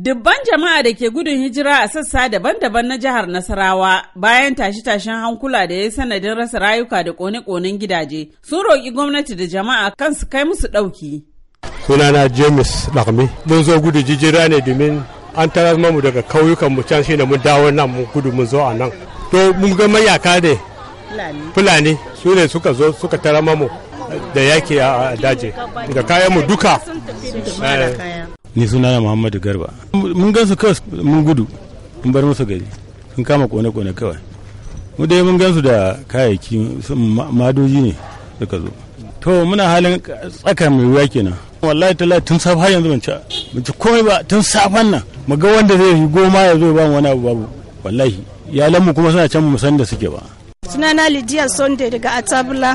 Dubban jama'a da ke gudun hijira a sassa daban-daban na jihar Nasarawa bayan tashe-tashen hankula da ya yi sanadin rasa rayuka da kone-konen gidaje sun roƙi gwamnati da jama'a kan su kai musu ɗauki. Sunana James Lakmi, mun zo gudu jijira ne domin an tarar mu daga kauyukan mu can shine mun dawo nan mu gudu mun zo a nan. To mun ga mayaka ne. Fulani. su ne suka zo suka tara mu da yaki a daji. Da kayan mu duka. ni suna na muhammadu garba mun gansu kawai mun gudu mun bar musu gari sun kama kone-kone kawai mu dai mun gansu da kayayyaki madoji ne suka zo to muna halin tsaka mai wuya kenan wallahi lai tun safa yanzu ban ci ban ci komai ba tun safan nan mu ga wanda zai yi goma ya zo ba wani abu babu wallahi ya mu kuma suna can mu san da suke ba sunana lidiya Sonde daga atabula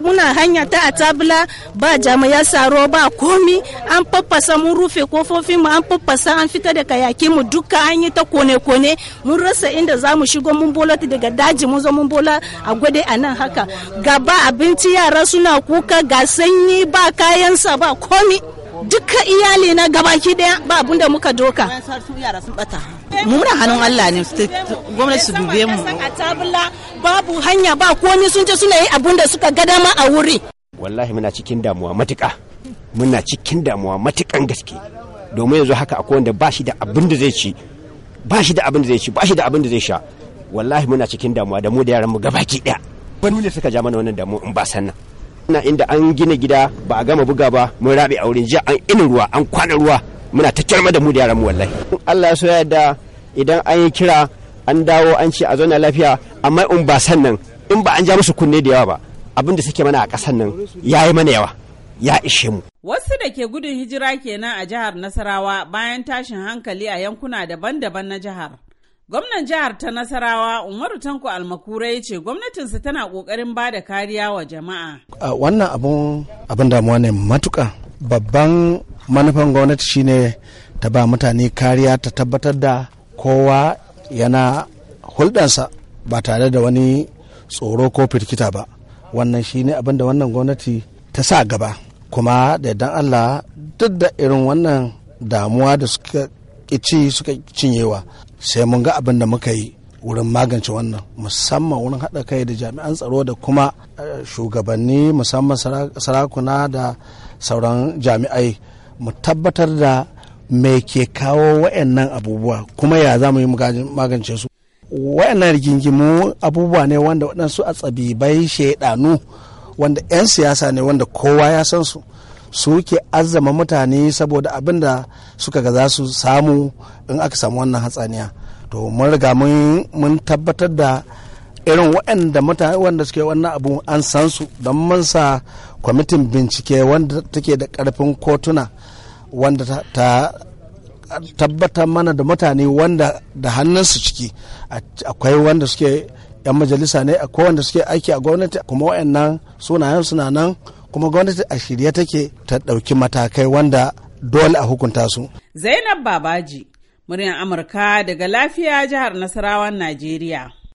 muna hanya ta a tabula ba jami'a saro ba komi an faffasa mun rufe kofofin mu an faffasa an fita da kayaki mu duka an yi ta kone-kone mun rasa inda za mu shigo mun bola daga daji mun zo mun bola a gwade a nan haka gaba abinci yara suna kuka ga sanyi ba kayansa ba komi duka iyali na gabaki daya ba abun da muka doka mu muna hannun Allah ne gwamnati su dube mu a tabula babu hanya ba komi sun ce suna yi abun da suka gada ma a wuri wallahi muna cikin damuwa matuƙa muna cikin damuwa matuƙan gaske domin yanzu haka akwai wanda ba shi da abin da zai ci ba shi da abin da zai ci ba shi da abin da zai sha wallahi muna cikin damuwa da mu da yaran mu gabaki daya wani ne suka ja mana wannan damuwa in ba sannan ina inda an gina gida ba a gama buga ba mun rabe a wurin jiya an ina ruwa an kwana ruwa muna ta kyarma da mu da yaran mu wallahi Allah ya so ya yarda idan an yi kira an dawo an ce a zauna lafiya amma in ba sannan in ba an ja musu kunne da yawa ba abin da suke mana a ƙasar nan ya yi mana yawa ya ishe mu Wasu da ke gudun hijira kenan a jihar Nasarawa bayan tashin hankali a yankuna daban-daban na jihar. Gwamnan jihar ta Nasarawa Umaru Tanko Almakura ya ce gwamnatinsa tana kokarin ba da kariya wa jama'a. wannan abun abin damuwa ne matuka. Babban manufan gwamnati shine ta ba mutane kariya ta tabbatar da kowa yana hulɗansa ba tare da wani tsoro ko firkita ba. Wannan shine abin da wannan gwamnati ta sa gaba. Kuma da dan Allah duk da irin wannan damuwa da suka ci suka cinyewa sai mun ga abin da muka yi wurin magance wannan musamman wurin haɗa kai da jami'an tsaro da kuma eh, shugabanni musamman sarakuna da sauran jami'ai mu tabbatar da me ke kawo wa'annan abubuwa kuma ya za mu yi magance su wa'annan rigingimu abubuwa ne wanda waɗansu a tsabibai shaidanu wanda 'yan siyasa ne wanda kowa ya san su suke azama mutane saboda abin da suka ga za su samu in aka samu wannan hatsaniya to mun riga mun tabbatar da irin waɗanda mutane wanda suke wannan abu an san su don mun sa kwamitin bincike wanda take da ƙarfin kotuna wanda ta tabbatar mana da mutane wanda da hannunsu ciki akwai wanda suke 'yan majalisa ne akwai wanda suke aiki a gwamnati kuma waɗannan sunayen suna nan kuma gwamnati a shirye take ta ɗauki matakai wanda dole a hukunta su. Zainab Babaji, muryar Amurka daga lafiya jihar Nasarawan Najeriya.